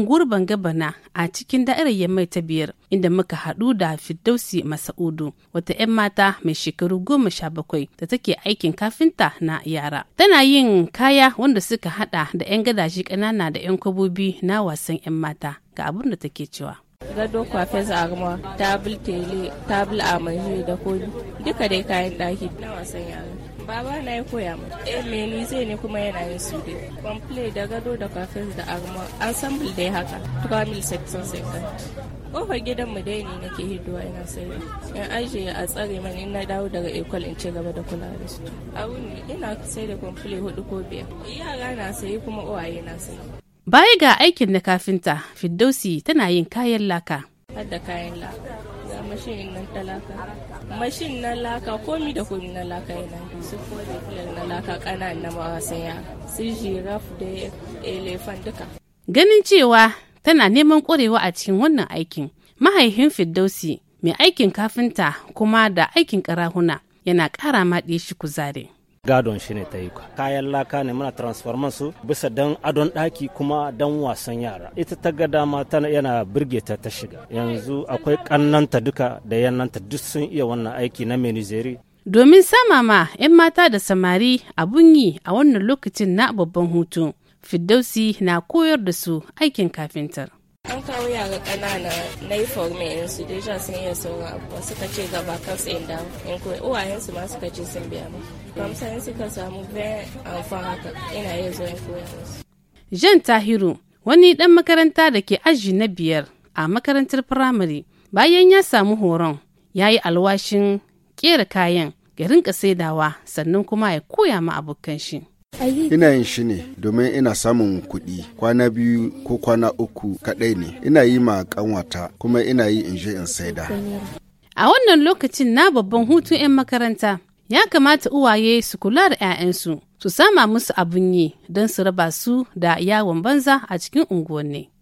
unguwar bana a cikin da'irar yammai ta biyar inda muka haɗu da firdausi masa'udu wata 'yan mata mai shekaru goma sha bakwai da take aikin kafinta na yara tana yin kaya wanda suka hada da 'yan gadashi ƙanana da 'yan kwabobi na wasan 'yan mata ga abin da take cewa gado kwafes gama tabul tele tabul a da komi duka dai kayan ɗaki na wasan yara Baba na ya koya mu. Eh, menu zai ne kuma yana yin su dai. Complete da gado da kafin da arma Ensemble dai haka. mil section section. Kofar gidanmu dai ne nake hidowa ina sai in ajiye a tsare mani na dawo daga ecole in ci gaba da kula da su. A wuni ina sai da kwamfule hudu ko biyar. Yara na sayi kuma uwaye na sai Baya ga aikin na kafinta, Fiddausi tana yin kayan laka. Har da kayan laka. mashin nan ta laka mashin na laka komi da komi na laka yana su kone fulan na laka kanan na mawasan yara su jiraf da elefan duka ganin cewa tana neman ƙwarewa a cikin wannan aikin mahaifin firdausi mai aikin kafinta kuma da aikin karahuna yana ƙara maɗe shi kuzari. gadon shi ne ta yi kayan laka ne muna transforman su bisa don adon daki kuma don wasan yara ita ta ga dama tana yana birge ta ta shiga yanzu akwai kannanta duka da yannanta duk sun iya wannan aiki na menizeri domin sama ma 'yan mata da samari abun yi a wannan lokacin na babban hutu fiddausi na koyar da su aikin kafintar an kawo yara ƙanana na yi forme in su deja sun iya sauran suka ce gaba kan su inda in kuwa uwayensu ma suka ce sun biya mu kamsan suka samu bayan amfan haka ina iya zuwa koya jan tahiru wani dan makaranta da ke aji na biyar a makarantar firamare bayan ya samu horon ya yi alwashin kera kayan ya rinka saidawa sannan kuma ya koya ma abokan shi. Ina yin shi ne domin ina samun kuɗi kwana biyu ko kwana uku kaɗai ne. Ina yi ma kanwata kuma ina yi in je in saida. A wannan lokacin na babban hutun 'yan makaranta ya kamata uwaye su kula da 'ya'yansu su sama musu abun yi don su raba su da yawon banza a cikin unguwanni.